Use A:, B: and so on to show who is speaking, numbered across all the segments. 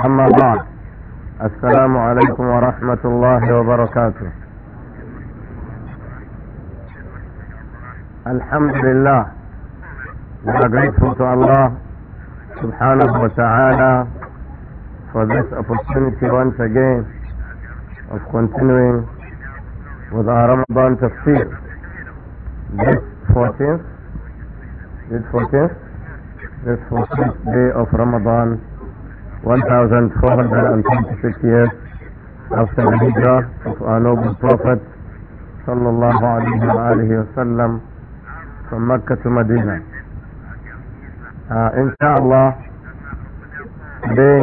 A: أما بعد السلام عليكم ورحمة الله وبركاته الحمد we are grateful to Allah subhanahu wa ta'ala for this opportunity once again of continuing with our Ramadan tafsir. This 14th, this 14th, this 14th day of Ramadan 1426 years after the hijrah of our noble prophet sallallahu alayhi wa alihi wasallam from Mecca to Medina. Uh, inshallah, today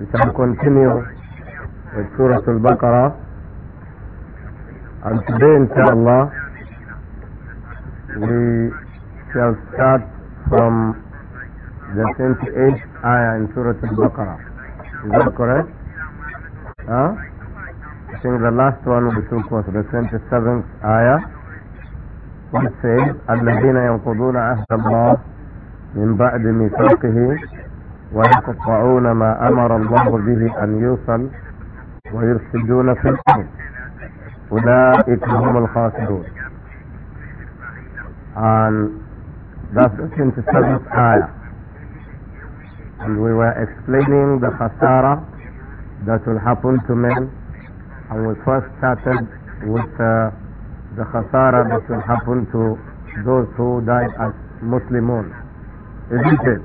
A: we shall continue with Surah Al-Baqarah and today inshallah we shall start from the 28th ayah in Surah Al-Baqarah. Is that correct? Huh? I think the last one we took was the 27th ayah. It says, الذين ينقضون عهد الله من بعد ميثاقه ويقطعون ما أمر الله به أن يوصل ويفسدون في الأرض أولئك هم الخاسرون and that's the 27th ayah and we were explaining the khasara that will happen to men and we first started with uh, the khasara that will happen to those who died as Muslimun isn't it?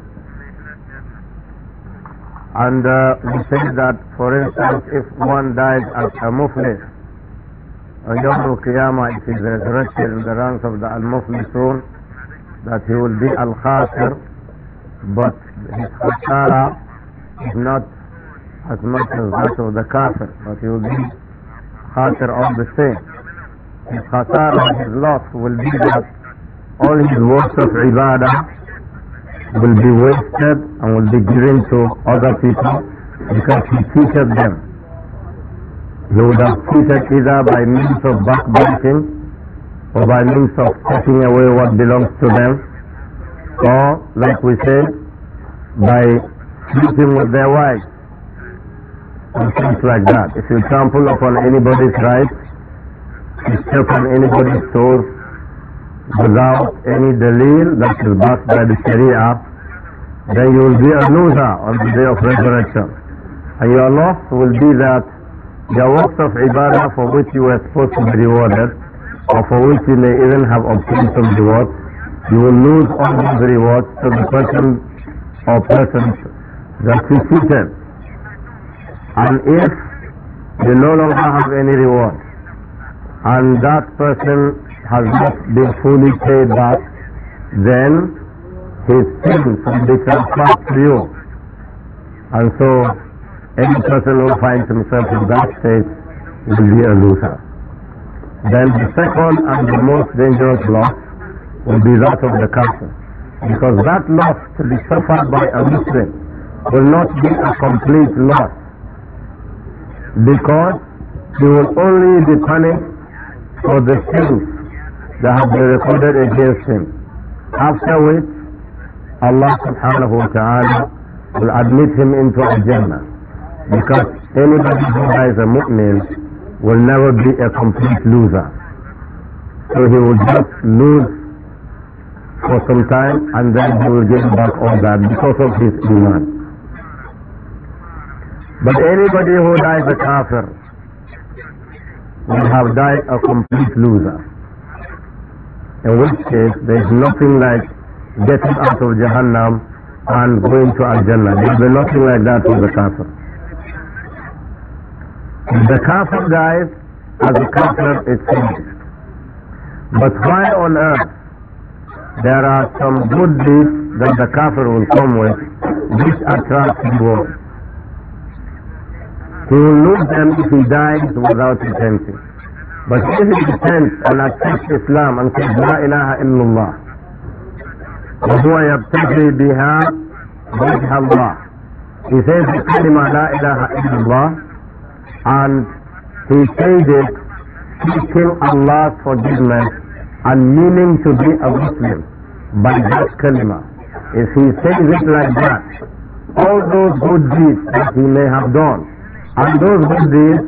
A: And uh, we say that for instance if one dies as a muflis on Yom Qiyamah is resurrected in the ranks of the al-muflisun that he will be al-khasir but his kafara is not as much as that of the kafir, but he will be khatir all the same. His khatara, his loss will be that all his works of ibadah will be wasted and will be given to other people because he cheated them. He would have cheated either by means of backbiting or by means of taking away what belongs to them or, like we said, by sleeping with their wives and things like that. If you trample upon anybody's rights, you step on anybody's toes without any delil that is backed by the Sharia, then you will be a loser on the day of resurrection. And your loss will be that the works of ibadah for which you were supposed to be rewarded, or for which you may even have obtained some reward, you will lose all those rewards to the person or persons that defeat them. And if they no longer have any reward, and that person has not been fully paid back, then his sins will be transferred to you. And so any person who finds himself in that state will be a loser. Then the second and the most dangerous loss will be that of the castle. Because that loss to be suffered by a Muslim will not be a complete loss. Because he will only be punished for the sins that have been recorded against him. After which, Allah subhanahu wa ta'ala will admit him into a Jannah. Because anybody who dies a mu'min will never be a complete loser. So he will just lose for some time and then he will get back all that because of his iman. But anybody who dies a kafir will have died a complete loser. In which case there is nothing like getting out of Jahannam and going to Al-Jannah. There will be nothing like that for the kafir. the kafir dies, as a kafir it's finished. But why on earth there are some good deeds that the kafir will come with which attracts reward. He will lose them if he dies without repenting. But if he repents and accepts Islam and says La ilaha illallah, وهو يبتغي بها وجه الله. He says the kalima La ilaha illallah and he says it seeking Allah's forgiveness and meaning to be a Muslim by that kalima. If he says it like that, all those good deeds that he may have done, and those good deeds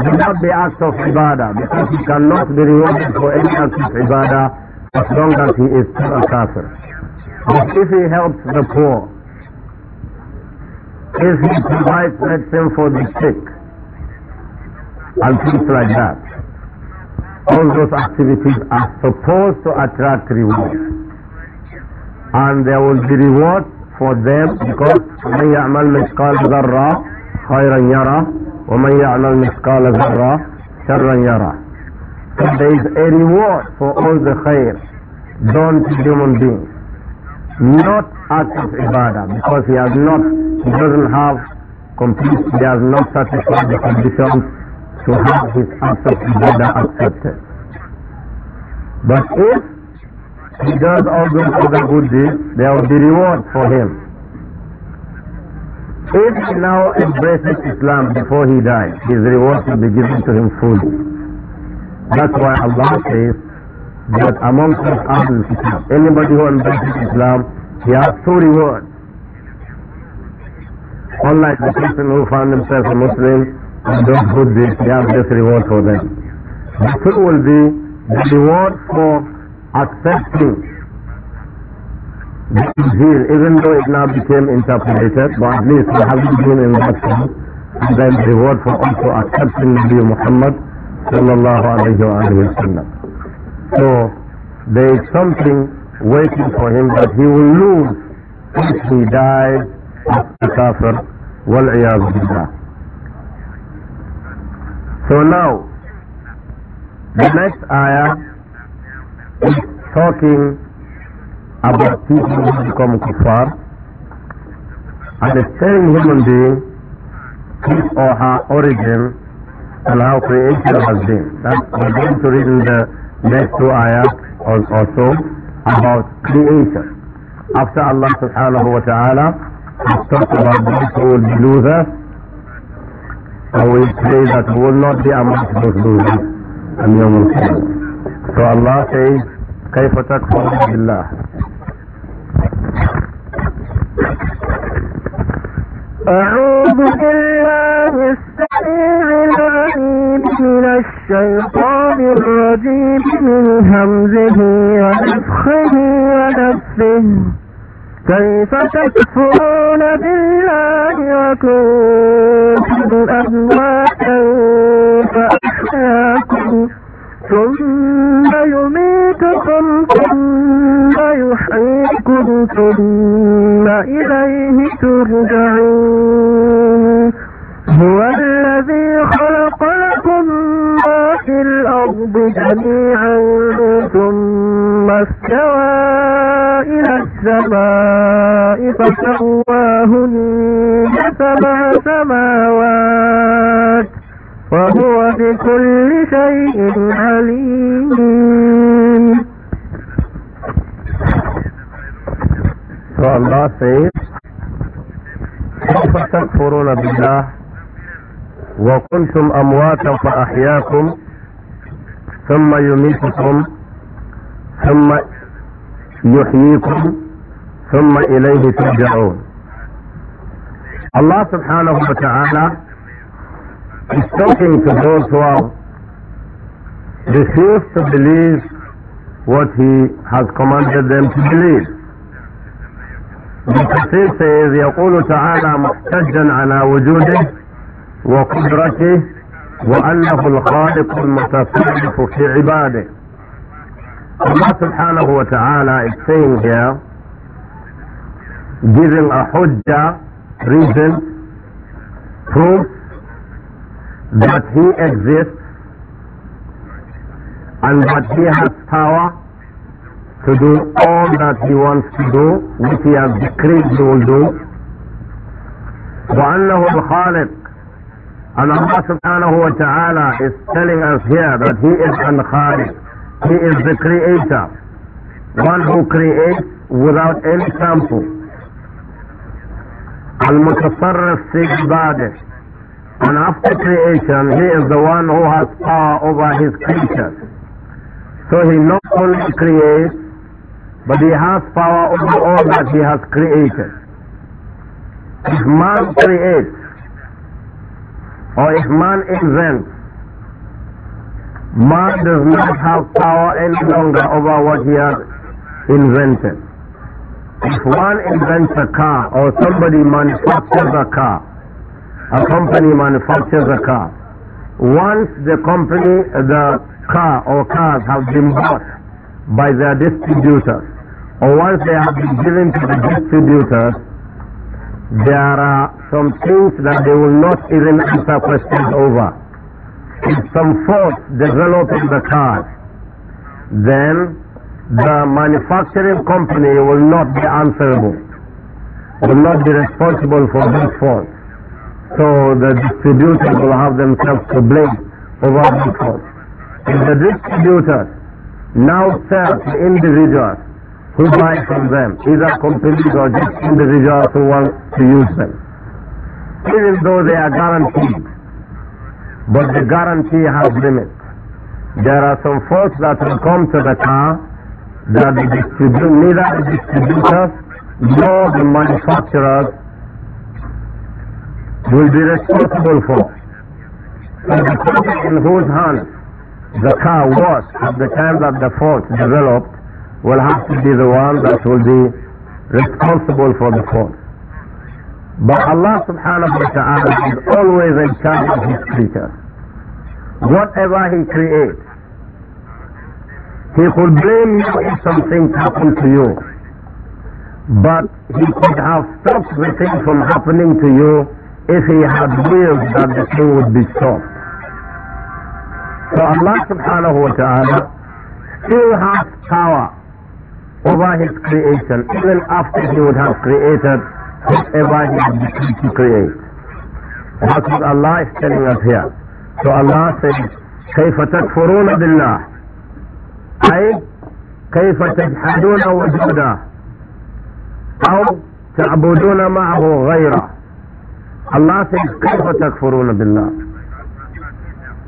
A: will not be acts of ibadah, because he cannot be rewarded for any act of ibadah as long as he is still a kafir. But if he helps the poor, if he provides medicine for the sick, and things like that, all those activities are supposed to attract reward and there will be reward for them because من يعمل مثقال ذرة خيرا يرى ومن يعمل مثقال ذرة شرا يرى so there is a reward for all the khair done to human beings not acts of ibadah because he has not he doesn't have complete he has not satisfied the conditions to have his acts of ibadah accepted but if he does all those other good deeds, there will be reward for him. If he now embraces Islam before he dies, his reward will be given to him fully. That's why Allah says that amongst us Ahlul anybody who embraces Islam, he has two rewards. Unlike the person who found himself a Muslim and does good deeds, he has this reward for them. The two will be the reward for accepting the Injil, even though it now became interpreted, but at least we haven't been in that camp. And then reward for also accepting Nabi Muhammad sallallahu alayhi wa sallam. So, there is something waiting for him that he will lose if he dies as a kafir, wal billah. So now, the next ayah is talking about people who become kuffar and is telling human being his or her origin and how creation has been. That we're going to read in the next two ayat or, or so about creation. After Allah subhanahu wa ta'ala has talked about those who will be losers, and we pray that we will not be amongst those losers. And you will follow. So كيف تكفر بالله أعوذ بالله السميع العليم من الشيطان الرجيم من همزه ونفخه ونفسه كيف تكفرون بالله وكنتم أمواتا فأحياكم ثم يميتكم ثم يحييكم ثم إليه ترجعون هو الذي خلق لكم ما في الأرض جميعا ثم استوى إلى السماء فسواهن سبع سماوات وهو بكل شيء عليم فالله الله سيد كيف تكفرون بالله وكنتم أمواتا فأحياكم ثم يميتكم ثم يحييكم ثم إليه ترجعون الله سبحانه وتعالى He's talking to those who are refused to believe what he has commanded them to believe. الكثير سيد يقول تعالى محتجا على وجوده وقدرته وأنه الخالق المتصرف في عباده Allah subhanahu wa ta'ala is saying here giving a hujjah reason proof that he exists and that he has power to do all that he wants to do, which he has decreed he will do. وأنه الخالق and Allah subhanahu wa ta'ala is telling us here that he is an khaliq. He is the creator. One who creates without any sample. المتصرف في عباده and after creation, he is the one who has power over his creatures. So he not only creates, but he has power over all that he has created. If man creates, or if man invents, man does not have power any longer over what he has invented. If one invents a car, or somebody manufactures a car, a company manufactures a car. Once the company, the car or cars have been bought by their distributors, or once they have been given to the distributors, there are some things that they will not even answer questions over. If some fault develop in the car, then the manufacturing company will not be answerable, will not be responsible for that fault. So the distributors will have themselves to blame over the If the distributors now sell the individuals who buy from them, either companies or just individuals who want to use them, even though they are guaranteed, but the guarantee has limits. There are some faults that will come to the car that the distribu- neither the distributors nor the manufacturers will be responsible for. and the person in whose hands the car was at the time that the fault developed will have to be the one that will be responsible for the fault. But Allah subhanahu wa ta'ala is always in charge of His creatures. Whatever He creates, He could blame you if something happened to you. But He could have stopped the thing from happening to you if he had willed that the thing would be stopped. So Allah subhanahu wa ta'ala still has power over his creation even after he would have created whatever he had to create. That's what Allah is telling us here. So Allah says, كيف تكفرون بالله أي كيف تجحدون وجوده أو تعبدون معه غيره Allah says, كَيْفَ تَكْفُرُونَ بِاللَّهِ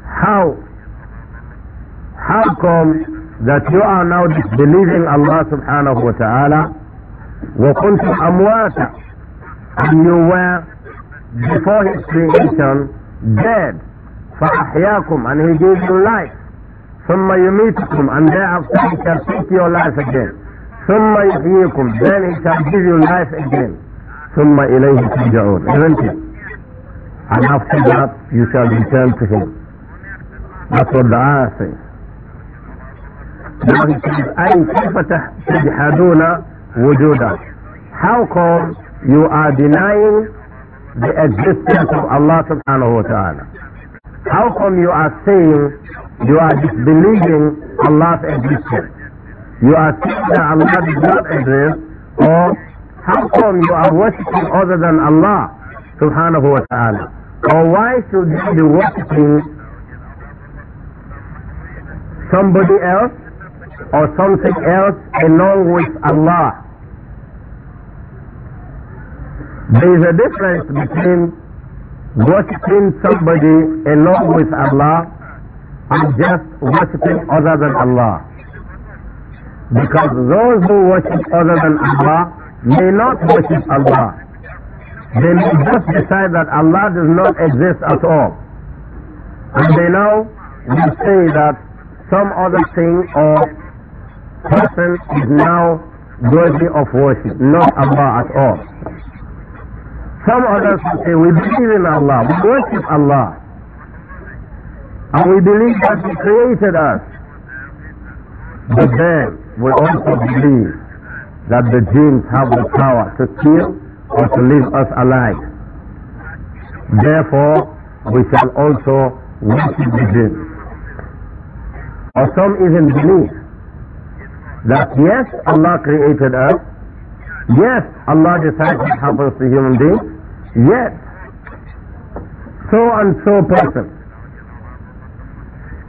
A: How? How come that you are now disbelieving Allah subhanahu wa ta'ala وَكُنْتُمْ أَمْوَاتًا And you were, before His creation, dead فَأَحْيَاكُمْ And He gave you life ثُمَّ يُمِيتُكُمْ And thereafter He shall take your life again ثُمَّ يُحْيِيكُمْ Then He shall give you life again ثُمَّ إِلَيْهِ تُرْجَعُونَ Isn't it? and after that you shall return to him. That's what the ayah says. Now he says, أي كيف تجحدون وجوده How come you are denying the existence of Allah subhanahu wa ta'ala? How come you are saying you are disbelieving Allah's existence? You are saying that Allah does not exist or how come you are worshipping other than Allah subhanahu wa ta'ala? Or why should you be worshipping somebody else or something else along with Allah? There is a difference between worshipping somebody along with Allah and just worshipping other than Allah. Because those who worship other than Allah may not worship Allah. They just decide that Allah does not exist at all. And they now will say that some other thing or person is now worthy of worship, not Allah at all. Some others will say, we believe in Allah, we worship Allah. And we believe that He created us. But then we also believe that the jinns have the power to kill or to leave us alive. Therefore, we shall also worship the jinn. Or some even believe that yes, Allah created us, yes, Allah decides what happens to human beings, yes, so and so person,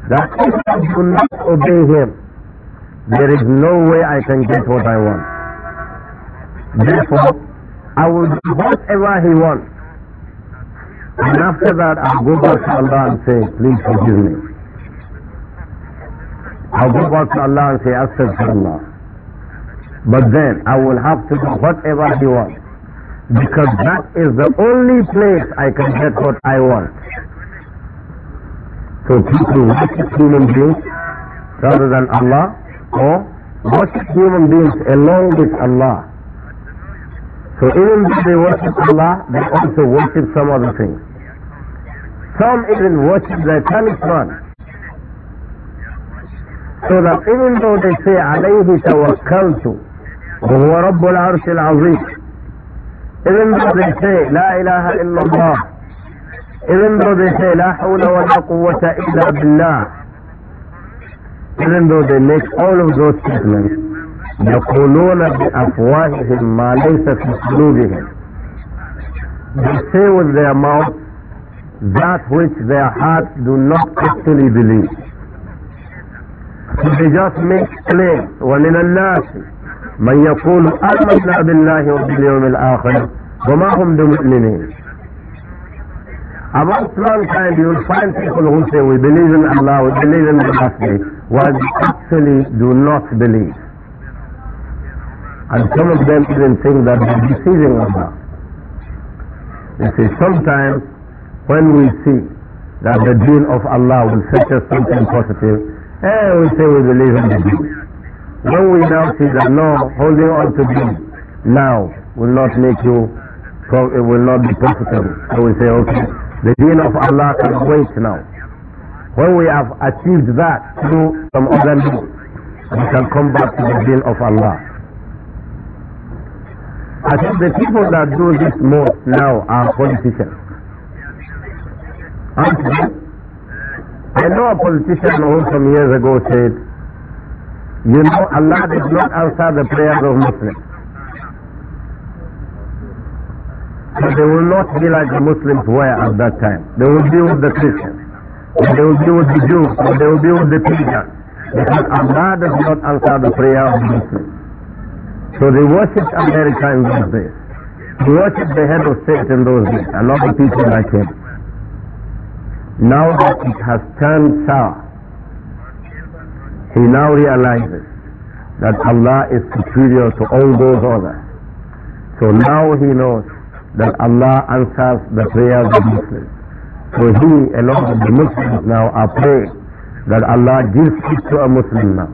A: that if I do not obey him, there is no way I can get what I want. Therefore, I will do whatever he wants. And after that, I'll go back to Allah and say, please forgive me. I'll go back to Allah and say, Astaghfirullah. But then I will have to do whatever he wants. Because that is the only place I can get what I want. So people worship human beings rather than Allah or worship human beings along with Allah. So even though they worship Allah, they also worship some other things. Some even worship the talisman. So that even though they say, "Alayhi توكلت wa رب Even though they say, "La ilaha illallah," Even though they say, hawla wa la quwwata illa billah," Even though they make all of those statements, يقولون بأفواههم ما ليس في قلوبهم They say with their mouth that which their hearts do not actually believe. They just make claims. ومن الناس من يقول آمنا بالله وباليوم الآخر وما هم بمؤمنين. Amongst mankind you will find people who say we believe in Allah, we believe in the Last Day, while they actually do not believe. And some of them even think that they're deceiving Allah. They say sometimes when we see that the deen of Allah will fetch us something positive, eh, we say we believe in the deen. When we now see that no, holding on to deen now will not make you, it will not be profitable. So we say, okay, the deen of Allah can wait now. When we have achieved that through some other means, we can come back to the deen of Allah. I think the people that do this most now are politicians. Aren't they? I know a politician who some years ago said, you know, Allah does not answer the prayers of Muslims. So they will not be like the Muslims were at that time. They will be with the Christians. they will be with the Jews. they will be with the pagans. Because Allah does not answer the prayer of Muslims. So they worshipped America in those days. They worshipped the head of state in those days. A lot of people like him. Now that it has turned sour, he now realizes that Allah is superior to all those others. So now he knows that Allah answers the prayers of Muslims. So he, along with the Muslims now, are praying that Allah gives peace to a Muslim now.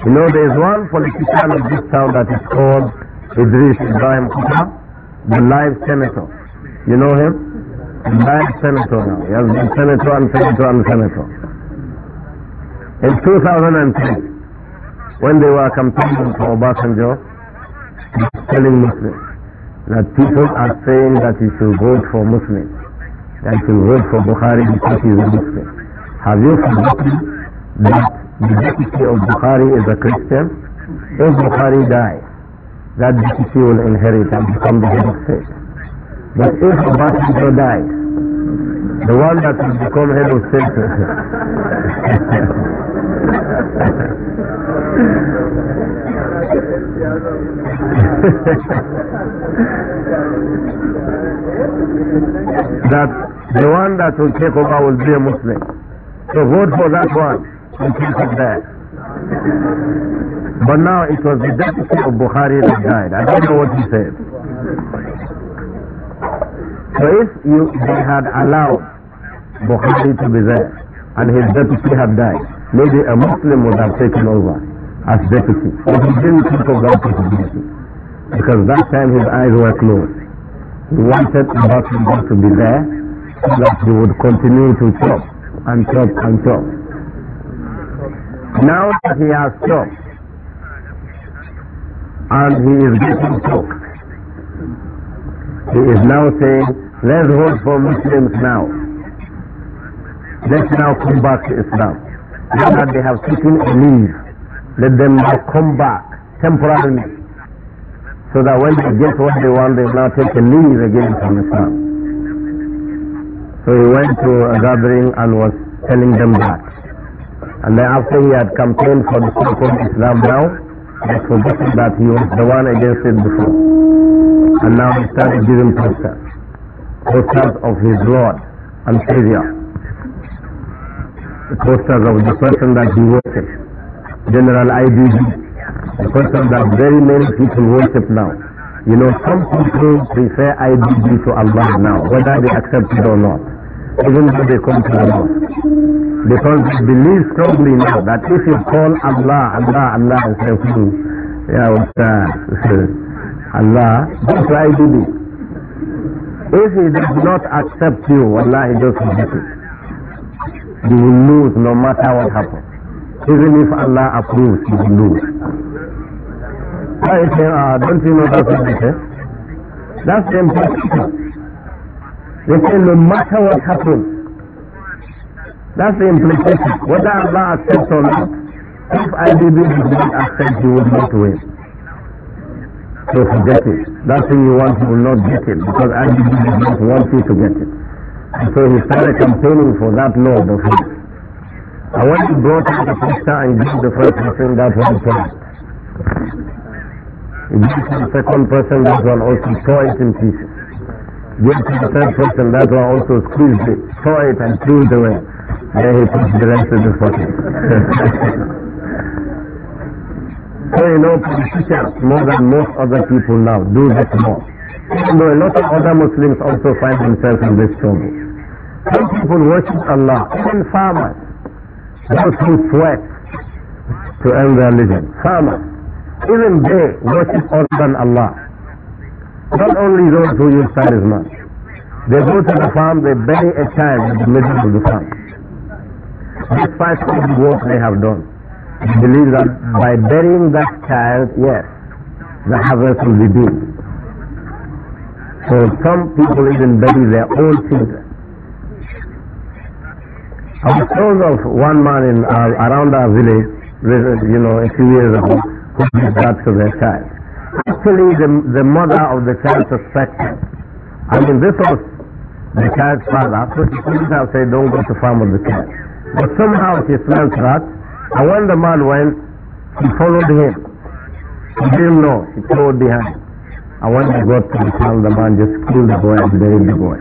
A: You know, there is one politician of this town that is called Idris Ibrahim Kuta, the live senator. You know him? Live senator now. He has been senator and senator and senator. In 2010, when they were campaigning for Obasanjo, he was telling Muslims that people are saying that you should vote for Muslims, that you should vote for Bukhari because he is a Muslim. Have you forgotten that the deputy of Bukhari is a Christian. If Bukhari dies, that deputy will inherit and become the head of state. But if Abbasito dies, the one that will become head of state that the one that will take over will be a Muslim. So vote for that one and keep it there. But now it was the deputy of Bukhari that died. I don't know what he said. So if you, they had allowed Bukhari to be there and his deputy had died, maybe a Muslim would have taken over as deputy. But he didn't think of that possibility because that time his eyes were closed. He wanted the to be there so that he would continue to chop and chop and chop. Now that he has stopped and he is getting soaked, he is now saying, let's vote for Muslims now. Let's now come back to Islam. Now that they have taken a leave, let them now come back temporarily. So that when they get what they want, they will now take a leave again from Islam. So he went to a gathering and was telling them that. And then after he had campaigned for the so-called Islam now, he had forgotten that he was the one against it before. And now he started giving posters. Posters of his Lord and Savior. Posters of the person that he worshipped. General IDG. The person that very many people worship now. You know, some people prefer IDG to Allah now, whether they accept it or not even though they come to the mosque. Because they believe strongly now that if you call Allah, Allah, Allah, and say, hmm, yeah, Allah, don't try to do If he does not accept you, Allah, he just not it. You will lose no matter what happens. Even if Allah approves, you will lose. I say, ah, don't you know that's what I say? That's the they say no matter what happens, that's the implication. Whether Allah accepts or not, if I did this, he will accept, he will not win. So forget it. That thing you want, you will not get it because I did not want you to get it. And so he started campaigning for that law of his. And when he brought out the picture and gave the first person that one point, he gave the second person that one also tore it in pieces give to the third person, that one also squeezed it, saw it and threw it away. There he put the rest in the pocket. so you know, politicians, more than most other people now, do this more. Even though a lot of other Muslims also find themselves in this trouble. Some people worship Allah, even farmers, those who sweat to earn their living. Farmers, even they worship other than Allah. Not only those who use talisman. They go to the farm, they bury a child in the middle of the farm. This five work they have done. They believe that by burying that child, yes, the harvest will be big. So some people even bury their own children. I was told of one man in our, uh, around our village, you know, a few years ago, who did that to their child actually the, the mother of the child suspected. I mean, this was the child's father. So she couldn't have said, don't go to farm with the child. But somehow she smelled rat, and when the man went, she followed him. She didn't know, she followed behind. And when he got to the town, the man just killed the boy and buried the boy.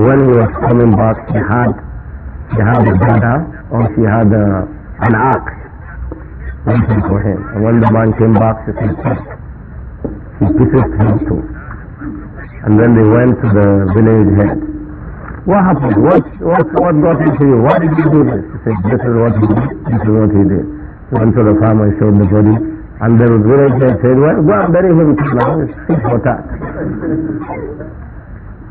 A: When he was coming back, she had, she had a brother, or she had a, an axe something for him. And when the man came back, his said, he kissed him too. And then they went to the village head. What happened? What, what, what got into you? Why did you do this? He said, this is what he did. This is what he did. Went to the farmer and showed the body. And the village head said, well, go and bury him now. It's for that.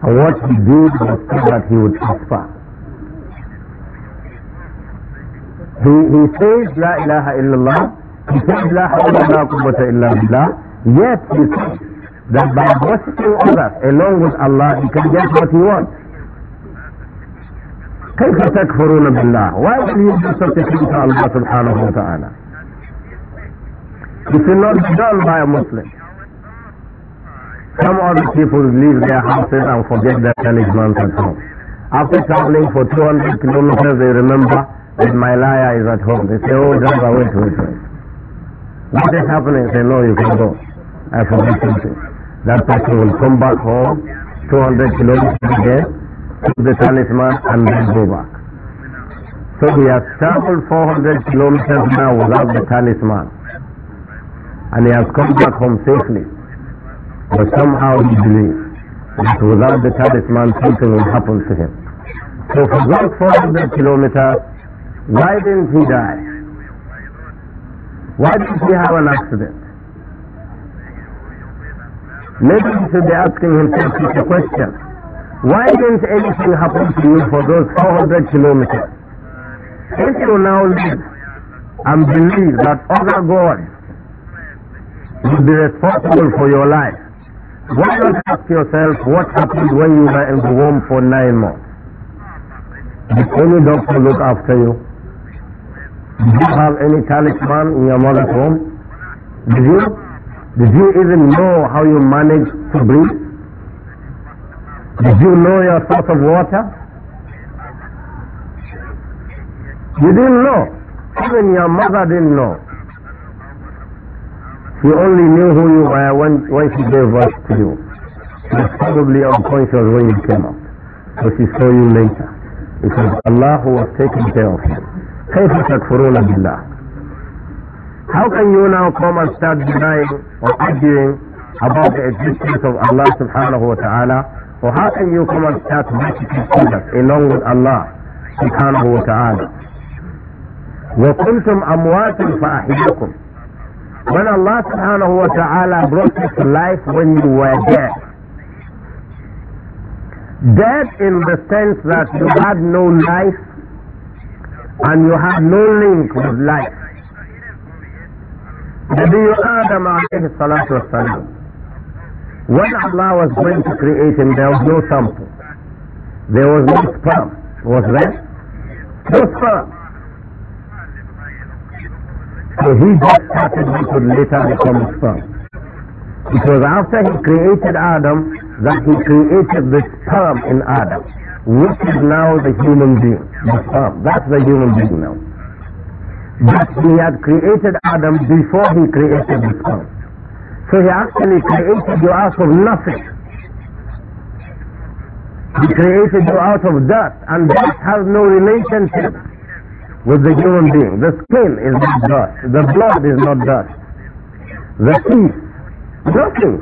A: And what he did was that he would prosper. He, he says La ilaha illallah, he says La ilaha illallah la quwwata illa yes yet he says that by worshipping others along with Allah, he can get what he wants. كيف تكفرون بالله؟ Why will you do such a thing to Allah subhanahu wa ta'ala? This will not done by a Muslim. Some other people leave their houses and forget their talismans at home. After traveling for 200 kilometers, they remember my liar is at home. They say, oh, driver, wait, wait, wait. What is happening? They Say, no, you can go. I forgot something. That person will come back home, 200 kilometers again, to the talisman and then go back. So we have traveled 400 kilometers now without the talisman. And he has come back home safely. But somehow he believes that without the talisman something will happen to him. So for those 400 kilometers, why didn't he die? Why did he have an accident? Maybe he should be asking himself such a question. Why didn't anything happen to you for those 400 kilometers? If you now live and believe that other God will be responsible for your life, why not ask yourself what happened when you were in the womb for nine months? Did any doctor look after you? Do you have any talisman in your mother's room? Did you? Did you even know how you managed to breathe? Did you know your source of water? You didn't know. Even your mother didn't know. She only knew who you were when, when she gave birth to you. She was probably unconscious when you came out. So she saw you later. Because Allah was taking care of you. كيف تكفرون بالله How can you now come and start denying or arguing about the existence of Allah subhanahu wa ta'ala? Or how can you come and start worshiping others along with Allah subhanahu wa ta'ala? وَكُنْتُمْ أَمْوَاتٍ When Allah subhanahu wa ta'ala brought you to life when you were dead, dead in the sense that you had no life and you have no link with life. Nabi Adam alayhi salatu wasalam, when Allah was going to create him, there was no sperm. There was no sperm. Was there? No sperm. So he just started what would later become sperm. It was after he created Adam that he created the sperm in Adam. What is now the human being? The sperm. That's the human being now. But he had created Adam before he created the sperm. So he actually created you out of nothing. He created you out of dust, and dust has no relationship with the human being. The skin is not dust. The blood is not dust. The teeth, nothing.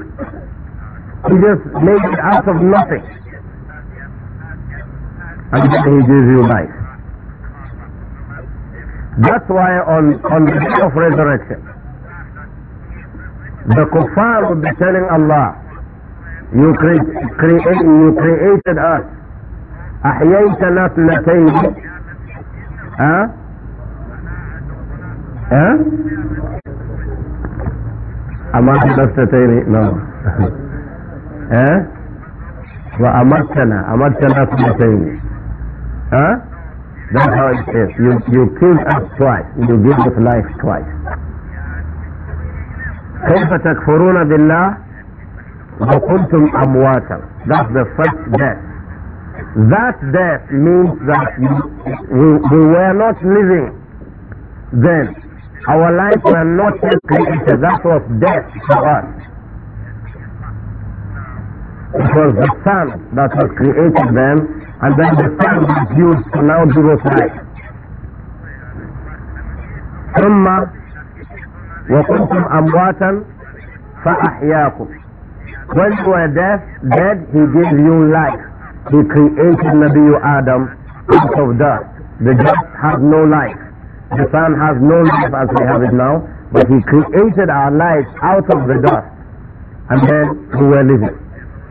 A: He just made it out of nothing and then he gives you life. That's why on, on the day of resurrection, the kuffar will be telling Allah, you, cre create, you created us, أحييتنا اثنتين ها ها أمرتنا اثنتين نعم ها وأمرتنا أمرتنا اثنتين Huh? That's how it is. You, you kill us twice. You give us life twice. كيف تكفرون بالله وكنتم أمواتا That's the first death. That death means that we, we were not living then. Our life were not yet created. That was death for us. It was the sun that was created then and then the sand is used to now give us life. ثم وكنتم أمواتا فأحياكم when you were deaf, dead, he gave you life. He created Nabi Adam out of dust. The dust has no life. The sun has no life as we have it now, but he created our life out of the dust. And then we were living.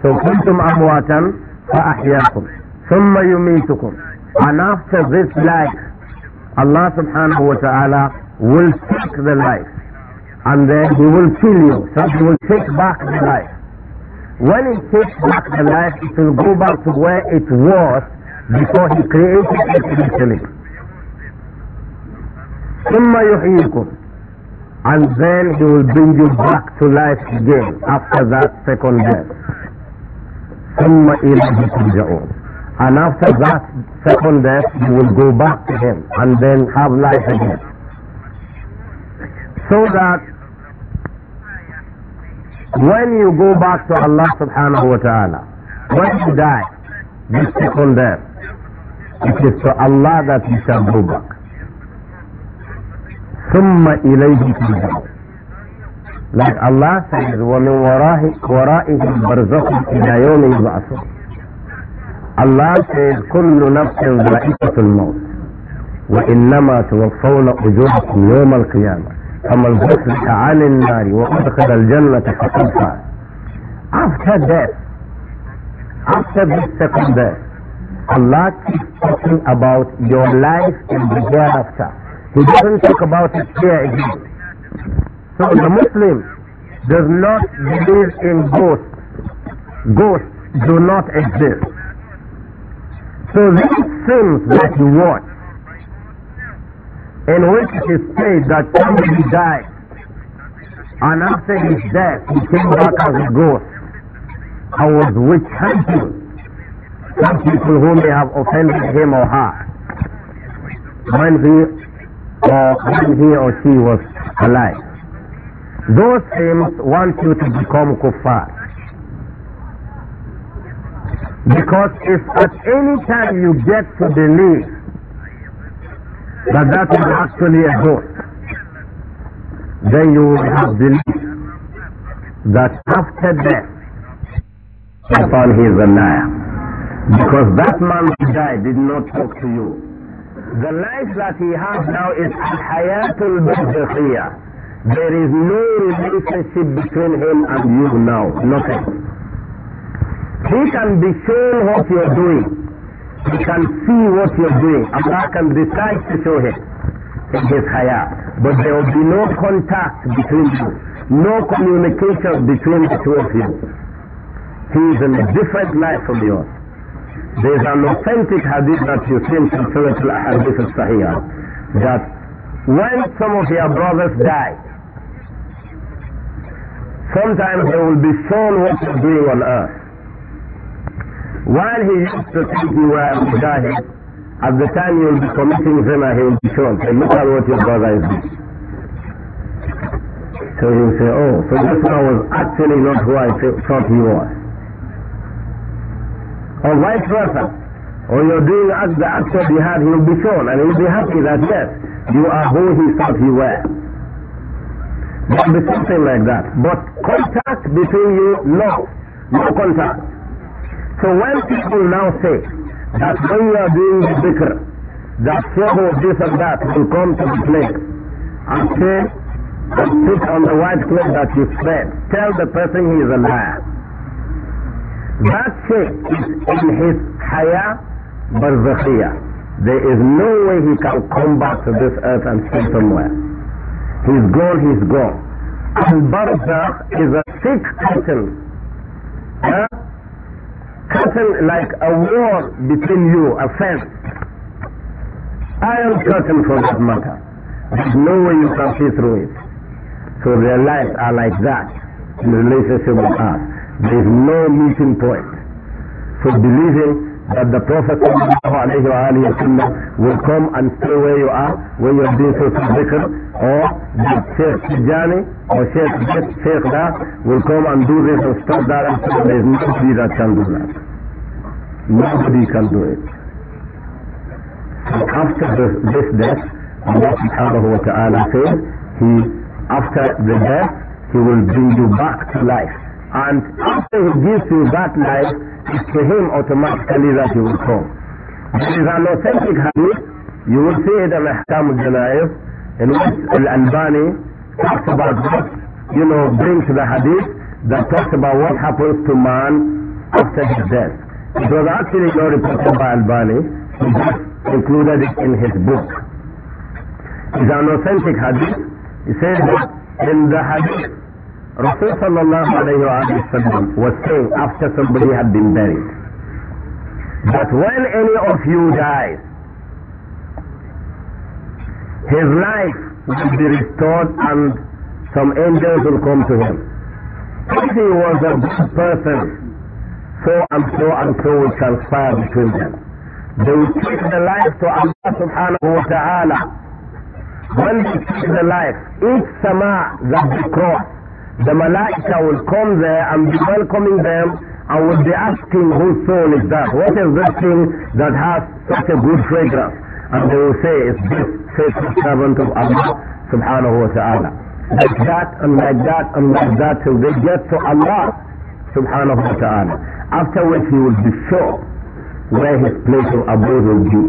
A: So kuntum amwatan fa ahyakum. ثم يميتكم and after this life Allah subhanahu wa ta'ala will take the life and then he will kill you so he will take back the life when he takes back the life it will go back to where it was before he created it initially ثم يحييكم and then he will bring you back to life again after that second death ثم إليه ترجعون and after that second death, you will go back to him and then have life again. So that when you go back to Allah subhanahu wa ta'ala, when you die, this second death, it is to Allah that you shall go back. ثم إليه ترجعون like Allah says ومن ورائه برزخ إلى يوم يبعثون Allah says, كل نفس ذائقة الموت وإنما توفون أجوركم يوم القيامة فمن زحزح عن النار وأدخل الجنة فقد فاز. After death, after this second death, Allah keeps talking about your life in the hereafter. He doesn't talk about it here again. So the Muslim does not believe in ghosts. Ghosts do not exist. So these films that you watch, in which it is said that somebody died, and after his death he came back as a ghost, I was witch hunting some people who may have offended him or her when he or when he or she was alive. Those things want you to become kuffar. Because if at any time you get to believe that that is actually a ghost, then you will have believed that after death, upon his a liar. Because that man who died did not talk to you. The life that he has now is Hayatul Barzakhiyah. There is no relationship between him and you now. Nothing. He can be shown what you're doing. He can see what you're doing. Allah can decide to show him in his hayat. But there will be no contact between you, no communication between the two of you. He is in a different life from yours. There is an authentic hadith that you see from Surah Al-Ahadith Al-Sahih that when some of your brothers die, sometimes they will be shown what you're doing on earth. While he used to think you were a mujahid, at the time you will be committing zina, he will be shown, hey, look at what your brother is doing. So he will say, oh, so this one was actually not who I thought he was. Or vice versa. Or you're doing as the actual had, he will be shown, and he will be happy that yes, you are who he thought you were. There will be something like that. But contact between you, no. No contact. So when people now say that when you are doing the dhikr, that shadow of this and that will come to the place and say and sit on the white cloth that you spread, tell the person he is a liar. That shaykh is in his haya barzakhiyah. There is no way he can come back to this earth and stay somewhere. He's gone, he's gone. And barzakh is a thick curtain. Huh? Cutting like a wall between you, a fence. am cutting for that matter. There's no way you can see through it. So their lives are like that in relationship with us. There is no meeting point. So believing that the Prophet will come and stay where you are, where you are being so dhikr, or that Sheikh Tijani or Sheikh this, Sheikh that will come and do this and stop that and there is nobody that can do that. Nobody can do it. So after this, this death, Allah subhanahu wa ta'ala said, He, after the death, He will bring you back to life. And after He gives you that life, it's to Him automatically that you will come. There is an authentic hadith, you will see it in Ahkam al-Janayah, in which Al-Albani talks about what, you know, brings the hadith that talks about what happens to man after his death. It was actually not reported by Albani, he just included it in his book. It's an authentic hadith. He says that in the hadith, Rasul sallallahu alayhi wa was saying after somebody had been buried, that when any of you dies, his life will be restored and some angels will come to him. If he was a good person, so and so and so will transpire between them. They will take the life to Allah subhanahu wa ta'ala. When they take the life, each sama that they cross, the malaika will come there and be welcoming them and will be asking whose soul is that? What is this thing that has such a good fragrance? And they will say, it's this faithful servant of Allah subhanahu wa ta'ala. Like that and like that and like that till they get to Allah subhanahu wa ta'ala. After which he will be sure where his place of abode will be.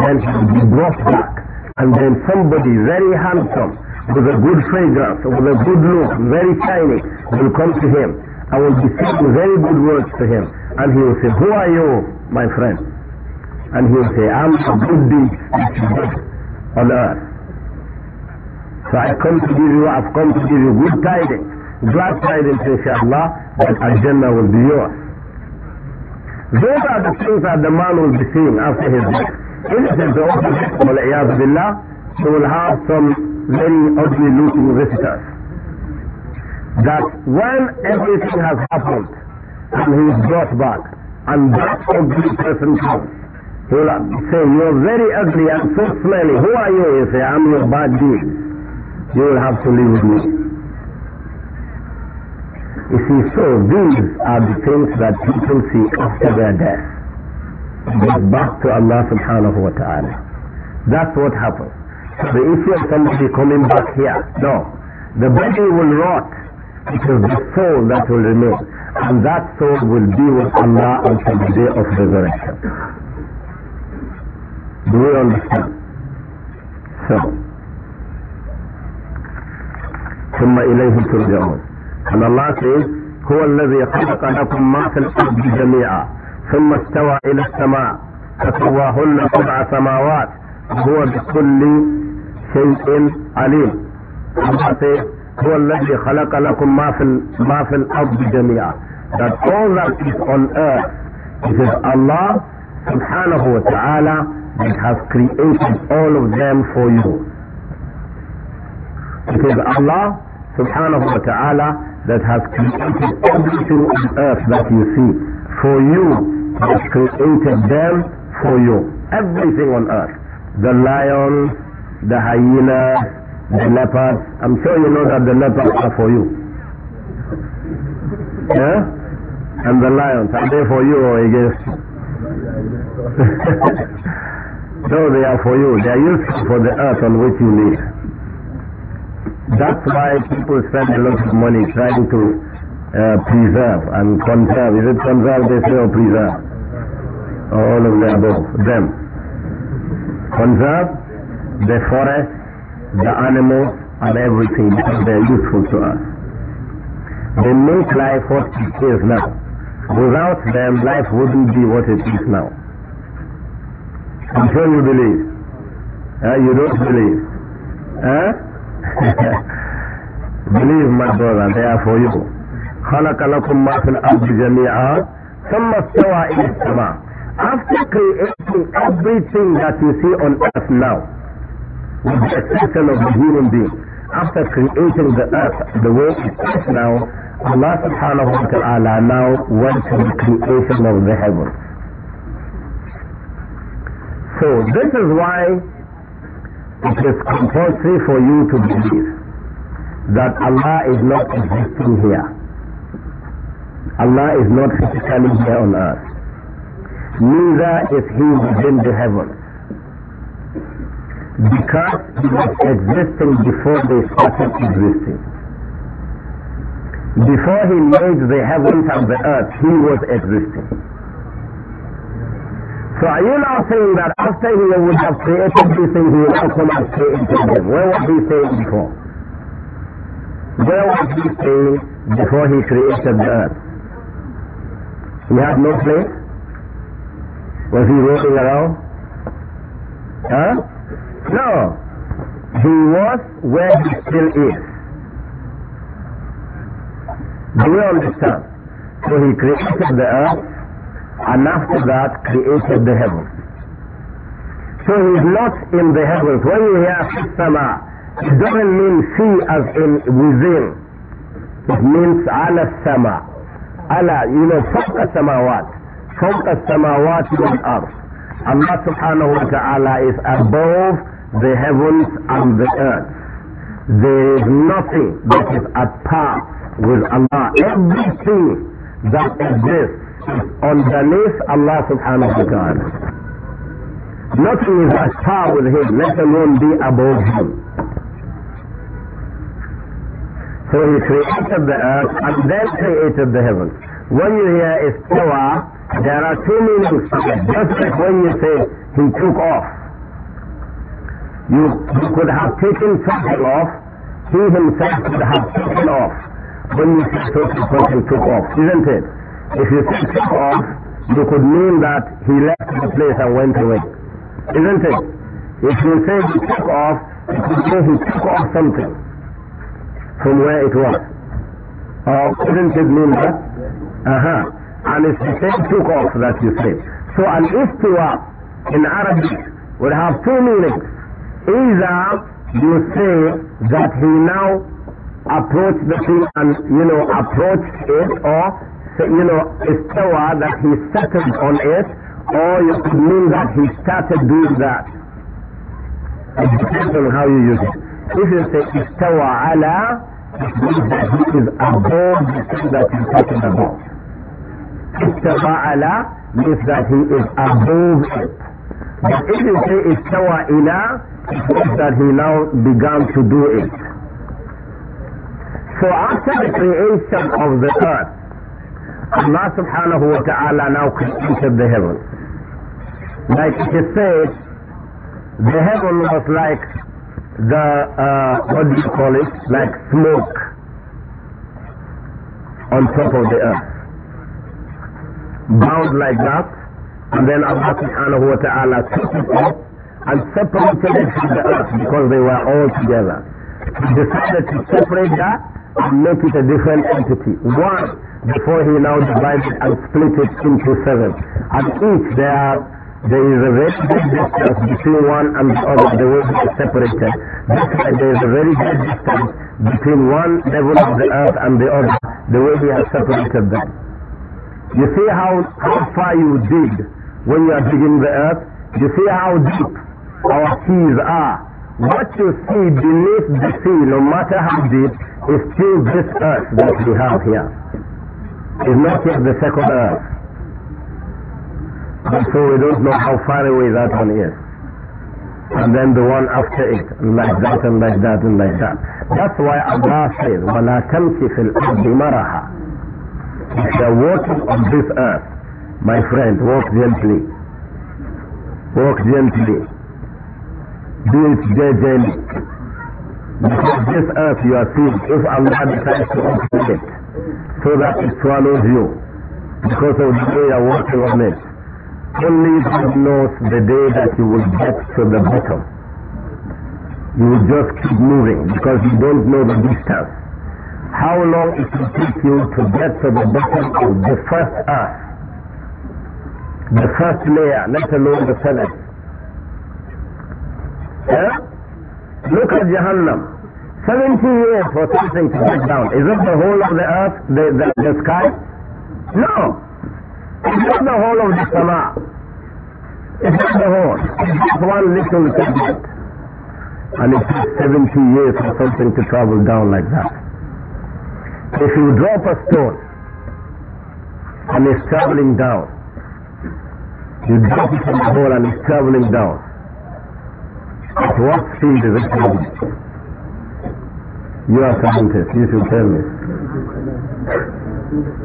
A: Then he will be brought back. And then somebody very handsome, with a good fragrance, with a good look, very shiny, will come to him. I will be saying very good words to him. And he will say, Who are you, my friend? And he will say, I'm a good deed on earth. So I come to give you, I've come to give you good tidings, glad tidings, insha'Allah, that Al-Jannah will be yours. Those are the things that the man will be seeing after his death. If the billah, he will have some very ugly looking visitors. That when everything has happened and he is brought back, and that ugly person comes, He'll say, you're very ugly and so smelly. Who are you? He'll say, I'm your bad deed. You will have to live with me. You see, so these are the things that people see after their death. But back to Allah subhanahu wa ta'ala. That's what happens. The issue of somebody coming back here, no. The body will rot. It is the soul that will remain. And that soul will be with Allah until the day of resurrection. Do we understand? So, ثم إليه ترجعون. And Allah says, هو الذي خلق لكم ما في الأرض جميعا ثم استوى إلى السماء فسواهن سبع سماوات هو بكل شيء عليم. Allah says, هو الذي خلق لكم ما في ما في الأرض جميعا. That all that is on earth, it is Allah سبحانه وتعالى that has created all of them for you. It is Allah subhanahu wa ta'ala that has created everything on earth that you see for you, has created them for you. Everything on earth. The lion, the hyena, the leopard. I'm sure you know that the leopards are for you. Yeah? And the lions, are they for you or against you? So they are for you, they are useful for the earth on which you live. That's why people spend a lot of money trying to uh, preserve and conserve. Is it conserve they say or oh, preserve? All of the above. Them. Conserve the forest, the animals, and everything because they are useful to us. They make life what it is now. Without them, life wouldn't be what it is now until you believe. Uh, you don't believe. Eh? believe, my brother, they are for you. خلق لكم ما في الأرض جميعا ثم استوى إلى السماء After creating everything that you see on earth now, with the exception of the human being, after creating the earth the way it is now, Allah subhanahu wa ta'ala now went to the creation of the heavens. So this is why it is compulsory for you to believe that Allah is not existing here. Allah is not physically here on earth. Neither is he within the heavens. Because he was existing before they started existing. Before he made the heavens and the earth, he was existing. So are you now saying that after he would have created this thing, he would also come and it Where was he saying before? Where was he saying before he created the earth? He had no place? Was he roaming around? Huh? No. He was where he still is. Do you understand? So he created the earth and after that created the heavens. So he's not in the heavens. When you hear sama, it doesn't mean "see" as in within. It means ala sama. Ala, you know, fawqa samawat. Fawqa samawat on earth. Allah subhanahu wa ta'ala is above the heavens and the earth. There is nothing that is at par with Allah. Everything that exists on the lace Allah subhanahu wa ta'ala. Nothing is as far with him, let alone be above him. So he created the earth and then created the heavens. When you hear power, there are two meanings to it. Just like when you say he took off. You, you could have taken something off, he himself could have taken off when you say so took off, isn't it? If you took off, you could mean that he left the place and went away. Isn't it? If you say he took off, it could mean he took off something from where it was. Or uh, couldn't it mean that? Uh-huh. And it's the same took off that you say. So an istiwa in Arabic would have two meanings. Either you say that he now approached the thing and, you know, approached it or you know, istawa, that he settled on it, or you could mean that he started doing that. It depends on how you use it. If you say istawa ala, it means that he is above the thing that you're talking about. Istawa ala means that he is above it. But if you say istawa ila, it means that he now began to do it. So after the creation of the earth, Allah subhanahu wa ta'ala now created the heaven. Like he said, the heaven was like the, uh, what do you call it? Like smoke on top of the earth. Bound like that, and then Allah subhanahu wa ta'ala took it off and separated it from the earth because they were all together. He decided to separate that and make it a different entity. One before he now divides and split it into seven. At each there are there is a very big distance between one and the other. The way they separated. Just like there is a very big distance between one level of the earth and the other. The way we have separated them. You see how, how far you dig when you are digging the earth? You see how deep our seas are. What you see beneath the sea, no matter how deep, is still this earth that we have here is not yet the second earth. And so we don't know how far away that one is. And then the one after it, and like that, and like that, and like that. That's why Allah says, وَلَا تَمْشِ فِي الْأَرْضِ مَرَحًا If you're walking on this earth, my friend, walk gently. Walk gently. Do it gently. Because this earth you are seeing, if Allah decides to open it, so that it swallows you because of the way you're working on it. Only God knows the day that you will get to the bottom. You will just keep moving because you don't know the distance. How long it will take you to get to the bottom of the first earth, the first layer, let alone the seventh. Yeah? Look at Jahannam. 70 years for something to get down. Is it the whole of the earth, the, the, the sky? No. It's not the whole of the sama. It's not the whole. It's just one little segment. And it takes 70 years for something to travel down like that. If you drop a stone and it's traveling down, you drop it from the hole and it's traveling down. At what speed is it traveling? You are scientist, you should tell me.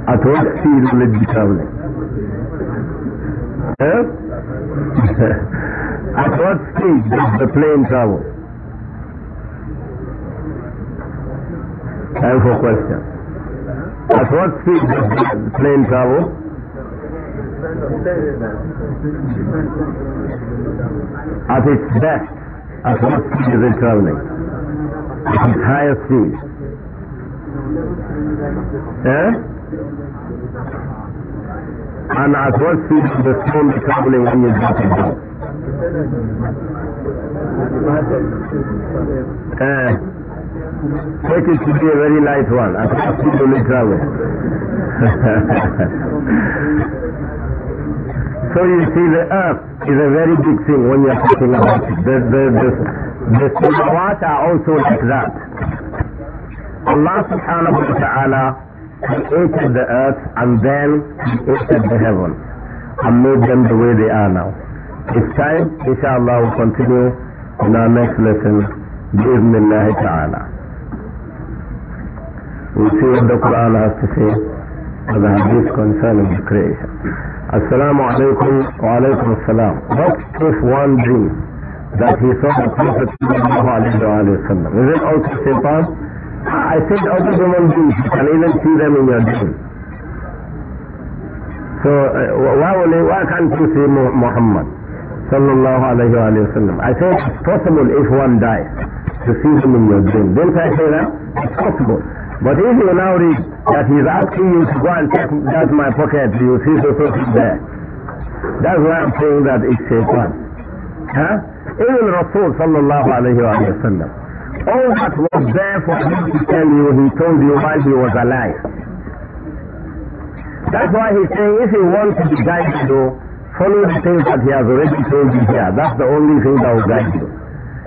A: At what speed will it be traveling? Huh? At what speed does the plane travel? Time for question. At what speed does the plane travel? At its best, at what speed is it traveling? from higher seas. Eh? And at what speed is the stone traveling when you drop it down? Eh? Take it to be a very light one. At what speed will travel? so you see the earth is a very big thing when you're talking about it. The, the, the, the salawat are also like that. Allah subhanahu wa ta'ala created the earth and then created the heavens and made them the way they are now. It's time, inshallah, we'll continue in our next lesson, bi'idhnillah ta'ala. We'll see what the Quran has to say for the hadith concerning the creation. Assalamu alaikum wa alaikum salam. What if one dream that he saw the Prophet wasallam. Is it also shaitan? I said other human beings, you can even see them in your dream. So uh, why, only, why can't you see Muhammad sallallahu alayhi wa sallam? I said it's possible if one dies to see him in your dream. Didn't I say that? It's possible. But if you now read that he's asking you to go and check that my pocket, you see the person there. That's why I'm saying that it's shaitan. Huh? even Rasul sallallahu alayhi wa sallam. All that was there for him to tell you, he told you while he was alive. That's why he's saying if you want to be guided follow the things that he has already told you here. That's the only thing that will guide you.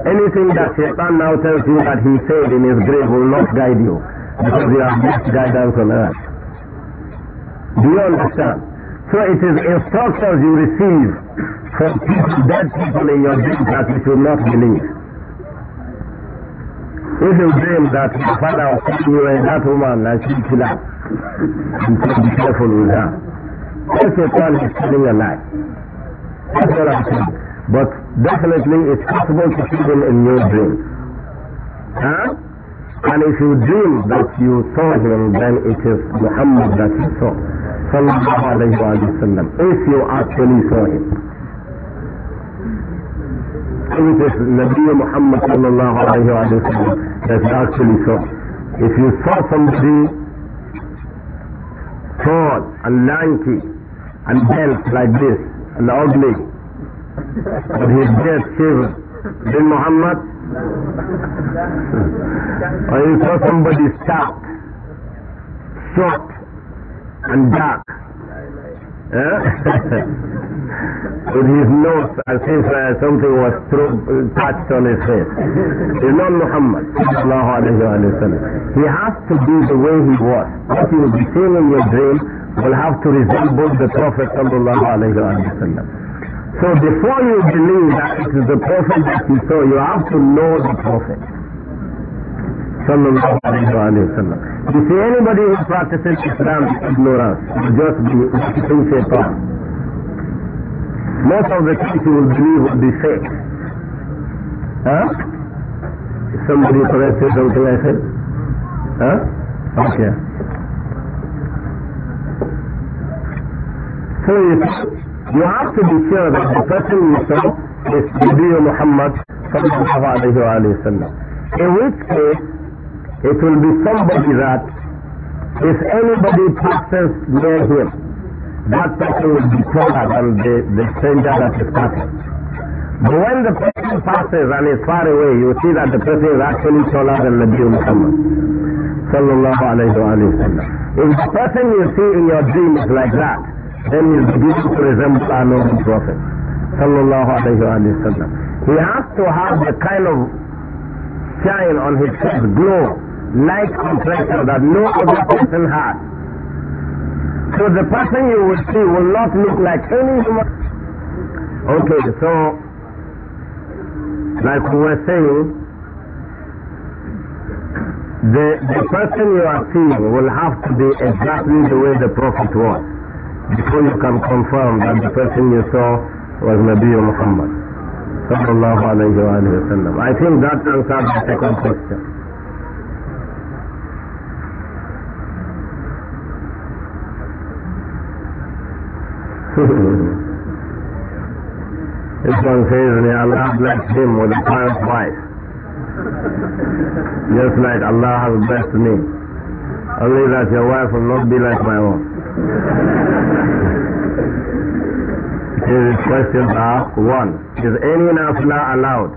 A: Anything that Shaitan now tells you that he said in his grave will not guide you because you have left guidance on earth. Do you understand? So it is instructions you receive from dead people in your dreams that you should not believe. If you dream that your father of telling you and that woman and she killed her, you should be careful with her. If your son is telling a lie, that's what I'm saying. But definitely it's possible to see him in your dreams. Huh? And if you dream that you saw him, then it is Muhammad that you saw sallallahu alayhi wa sallam, if you actually saw it. It is Nabi Muhammad sallallahu alayhi wa sallam that actually saw. If you saw somebody tall and lanky and bent like this and ugly, but his beard shaven, then Muhammad, or you saw somebody stout, short, and dark. Eh? With his nose as if uh, something was uh, touched on his face. He's not Muhammad. He has to be the way he was. What you will be seeing in your dream will have to resemble the Prophet. So before you believe that it is the Prophet that you saw, you have to know the Prophet sallallahu alayhi wa You If anybody who practices Islam is ignorance, just be in shaitan. Most of the things you will believe will be fake. Huh? Somebody corrected something I said? Huh? Okay. So you, you have to be sure that the person you saw is the real Muhammad sallallahu alayhi wa sallam. In which case, it will be somebody that if anybody passes near him, that person will be taller than the, the stranger that is passing. But when the person passes and is far away, you see that the person is actually taller than the dream So Sallallahu alayhi wa If the person you see in your dream is like that, then he's beginning to resemble our noble Prophet. Sallallahu alayhi wa He has to have the kind of shine on his face, glow, like complexion that no other person has. So the person you will see will not look like any human. Okay, so like we were saying, the, the person you are seeing will have to be exactly the way the Prophet was before you can confirm that the person you saw was Nabi Muhammad. Sallallahu I think that answers the second question. this one says, May Allah blessed him with a pious wife. Just like Allah has blessed me. Only that your wife will not be like my own. His to ask. one, is any nafla allowed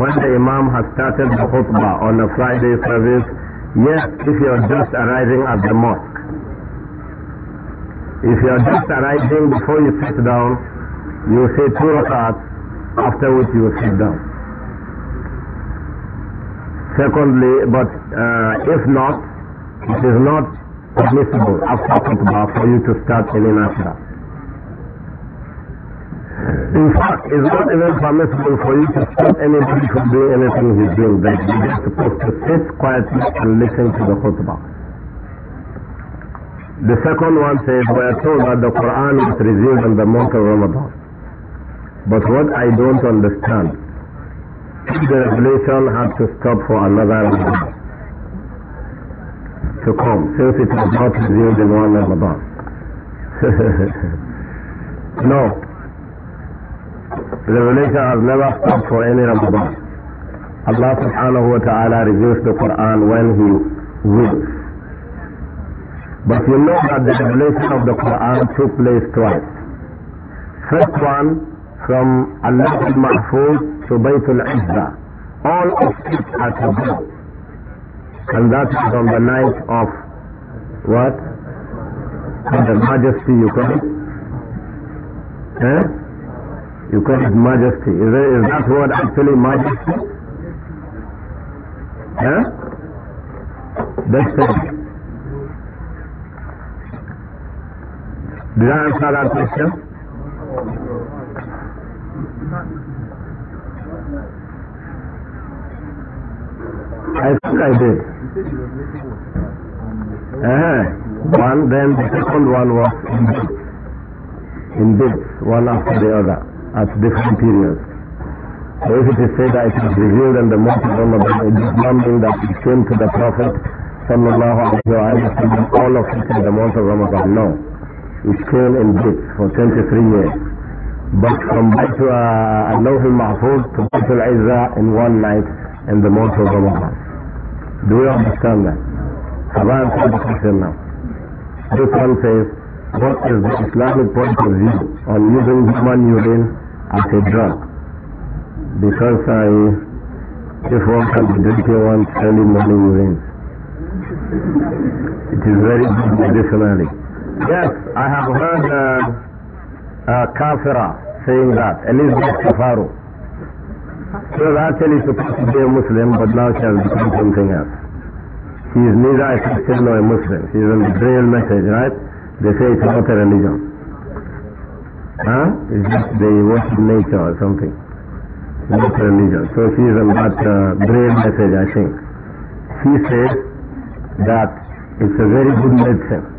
A: when the imam has started the khutbah on a Friday service? Yes, if you're just arriving at the mosque. If you are just arriving before you sit down, you say two rakats, after which you sit down. Secondly, but uh, if not, it is not permissible after khutbah for you to start any nafila. In fact, it's not even permissible for you to stop anybody from doing anything he's doing. That you're supposed to sit quietly and listen to the khutbah. The second one says, we are told that the Quran was revealed in the month of Ramadan. But what I don't understand, the revelation had to stop for another Ramadan to come, since it was not revealed in one Ramadan. no. The revelation has never stopped for any Ramadan. Allah subhanahu wa ta'ala reveals the Quran when He wills. But you know that the revelation of the Quran took place twice. First one from Allah al-Mahfuz to Baytul Izzah. All of it at a go. And that is on the night of what? On the majesty you call it? Eh? You call it majesty. Is, it, is that word actually majesty? Eh? That's it. Did I answer that question? I think I did. Uh, one, then the second one was in bits, in bits, one after the other, at different periods. So if it is said that it is revealed in the Most of it it is not mean that it came to the Prophet sallallahu alaihi wasallam all of it in the month of Ramadan. No scale in bed for 23 years. But from that to uh, Al-Lawh mahfuz to Bayt al in one night in the month of Ramadan. Do you understand that? Have I answered the question now? This one says, what is the Islamic point of view on using human urine as a drug? Because I, if one can be drinking one fairly many urine. it is very good medicinally. Yes, I have heard uh, uh, Kafira saying that, Elizabeth Kafaru. She was actually supposed to be a Muslim, but now she has become something else. She is neither a Christian nor a Muslim. She is a real message, right? They say it's not a religion. Huh? It's just they worship nature or something. not a religion. So she is a that uh, brave message, I think. She says that it's a very good medicine.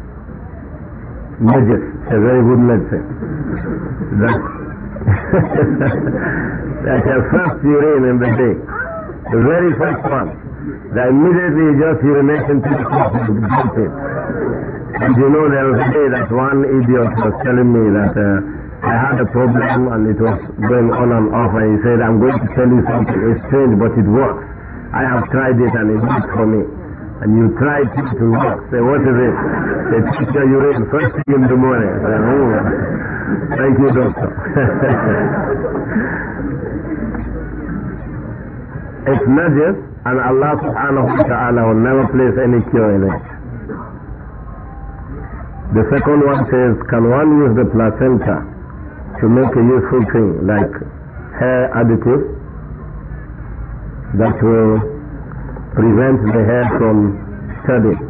A: Major. A very good lesson. That, that's your first urine in the day. The very first one. That immediately you just urinate into the and And you know there was a day that one idiot was telling me that uh, I had a problem and it was going on and off and he said, I'm going to tell you something. It's strange but it works. I have tried it and it works for me and you try to, to walk. Say, what is it? The teacher, you read first thing in the morning. Say, oh, thank you, doctor. it's najis, and Allah subhanahu wa ta'ala will never place any cure in it. The second one says, can one use the placenta to make a useful thing like hair additive that will prevent the hair from studying.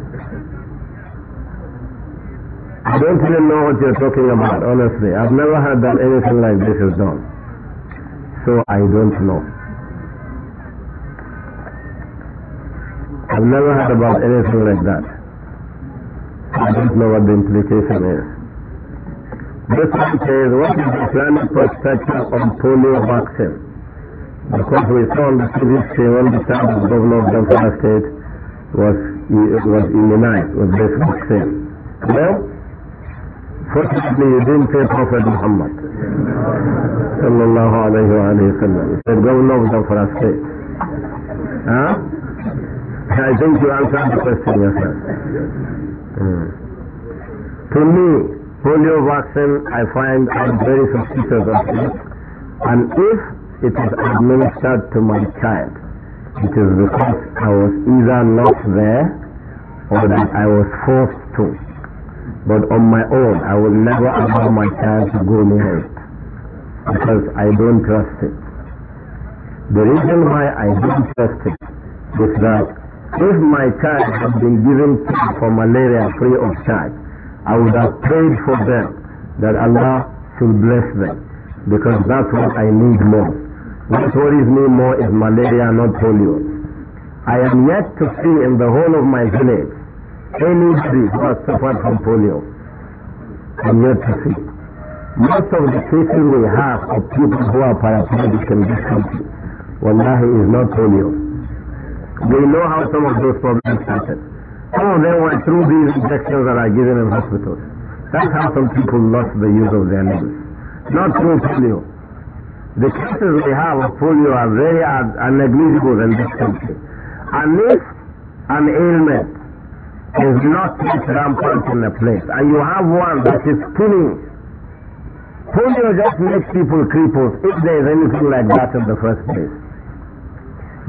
A: I don't even know what you're talking about, honestly. I've never heard that anything like this is done. So I don't know. I've never heard about anything like that. I don't know what the implication is. This one says, what is the Islamic perspective on polio vaccine? Because we found the previous year when the child of governor of Zamfara State was, was in immunized with this vaccine. Well, fortunately you didn't say Prophet Muhammad sallallahu alayhi wa alayhi wa sallam. You said governor of Zamfara State. Huh? I think you answered the question yourself. Mm. To me, polio vaccine, I find are very suspicious of it. And if it is administered to my child. It is because I was either not there or that I was forced to. But on my own, I will never allow my child to go near it because I don't trust it. The reason why I don't trust it is that if my child had been given pill for malaria free of charge, I would have prayed for them that Allah should bless them because that's what I need more. What worries me more is malaria, not polio. I am yet to see in the whole of my village anybody who has suffered from polio. I'm yet to see. Most of the cases we have of people who are paraplegic in this country, wallahi, is not polio. We know how some of those problems started. Some of them were through these injections that are given in hospitals. That's how some people lost the use of their limbs. Not through polio. The cases we have of polio are very are negligible in this country. Unless an ailment is not rampant in a place and you have one that is killing, polio just makes people cripples if there is anything like that in the first place.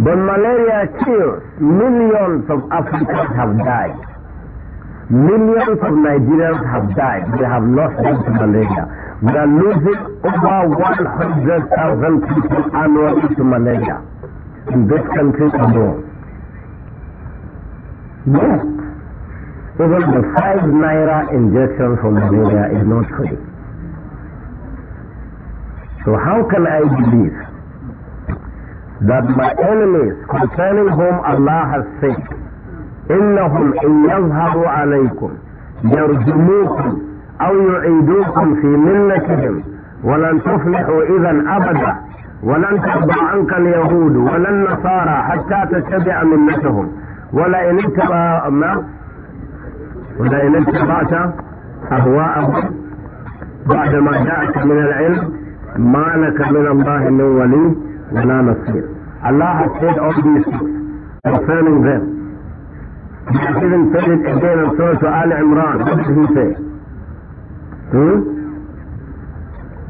A: But malaria kills. Millions of Africans have died. Millions of Nigerians have died. They have lost them to malaria. We are losing over 100,000 people annually to malaria in this country alone. Yet, even the 5 naira injection for malaria is not free. So how can I believe that my enemies concerning whom Allah has said, إنهم إن يظهروا عليكم يرجموكم أو يعيدوكم في ملتهم ولن تفلحوا إذا أبدا ولن ترضى عنك اليهود ولا النصارى حتى تتبع ملتهم ولئن اتبع ولئن اتبعت أهواءهم بعد ما جاءك من العلم ما لك من الله من ولي ولا نصير الله has said all these things concerning them. He didn't say it again in Surah Al Imran. What did he say? Hmm?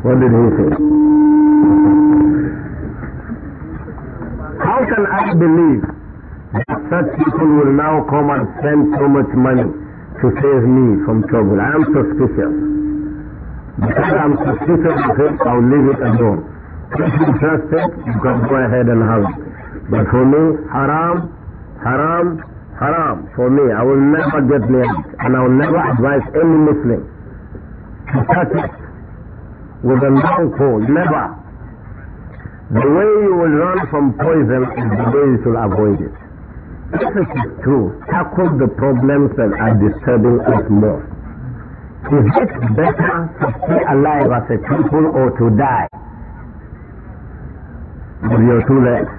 A: What did he say? How can I believe that such people will now come and spend so much money to save me from trouble? I am suspicious. Because I am suspicious of it, I'll leave it alone. If you trust it, you can go ahead and have it. But for me, haram, haram, haram. For me, I will never get near it. And I will never advise any Muslim to touch it with a long pole. Never. The way you will run from poison is the way you should avoid it. If it is true, tackle the problems that are disturbing us more. Is it better to stay alive as a people or to die with your two legs?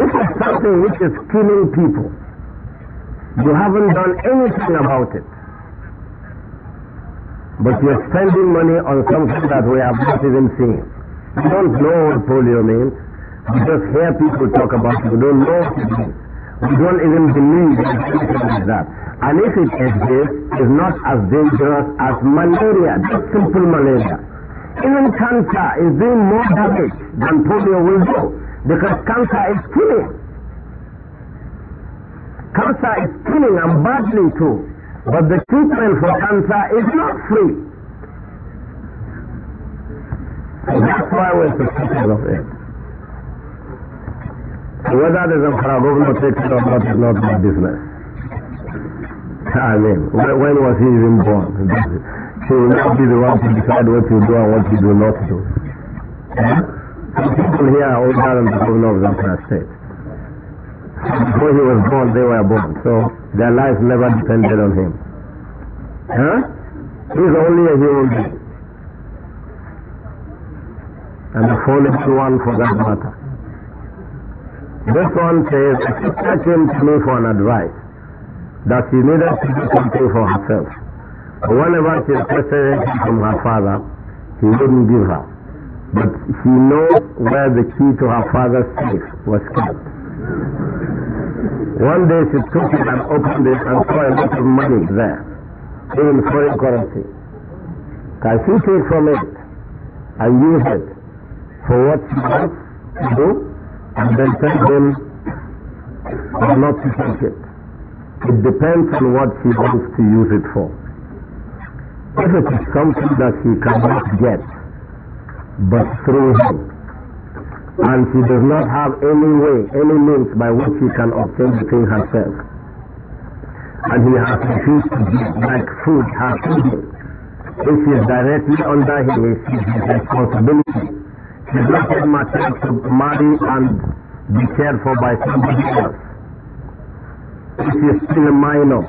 A: This is something which is killing people. You haven't done anything about it. But you're spending money on something that we have not even seen. You don't know what polio means. You just hear people talk about it. You don't know what it means. You don't even believe in anything like that. And if it exists, it's not as dangerous as malaria, just simple malaria. Even cancer is doing more damage than polio will do because cancer is killing. Cancer is killing and badly too. But the treatment for cancer is not free. And that's why we're suspicious of it. So whether the Zamfara governor takes it or not is not my business. I mean, when was he even born? He will not be the one to decide what you do and what you do not do. Some people here are older than the governor of Zamfara state. Before he was born, they were born. So their lives never depended on him. Huh? He's only a human being. And a foolish one for that matter. This one says, Sister him, to me for an advice that she needed to do something for herself. Whenever she requested anything from her father, he wouldn't give her. But she knows where the key to her father's safe was kept. One day she took it and opened it and saw a lot of money there, in foreign currency. Can she take from it and use it for what she wants to do and then tell them or not to take it? It depends on what she wants to use it for. If it is something that she cannot get, but through him, and she does not have any way, any means by which she can obtain the thing herself. And he has refused to give like food her children. is directly under him, it is his responsibility. She does not yet to marry and be cared for by somebody else. If is still a minor,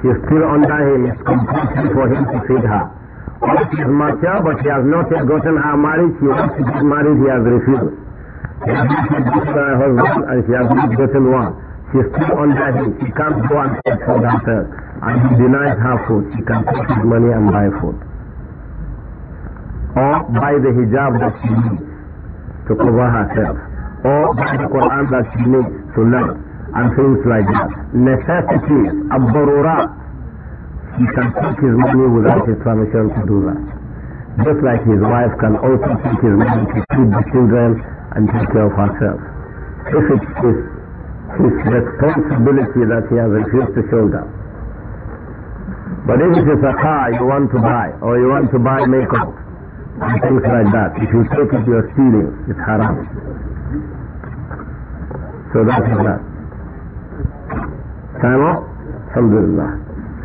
A: she is still under him, it's compulsory for him to feed her. She is mature, but she has not yet gotten her marriage. She wants to get married, he has refused. She has not gotten her husband, and she has not gotten one. She is still under him. She can't go and take for herself. And he denies her food. She can take his money and buy food. Or buy the hijab that she needs to cover herself. Or buy the Quran that she needs to learn. And things like that. Necessities, abdururat. He can take his money without his permission to do that. Just like his wife can also take his money to feed the children and take care of herself. If it is his responsibility that he has refused to shoulder. But if it is a car you want to buy, or you want to buy makeup, and things like that, if you take it, you're stealing. It's haram. So that is that. Time up? Alhamdulillah.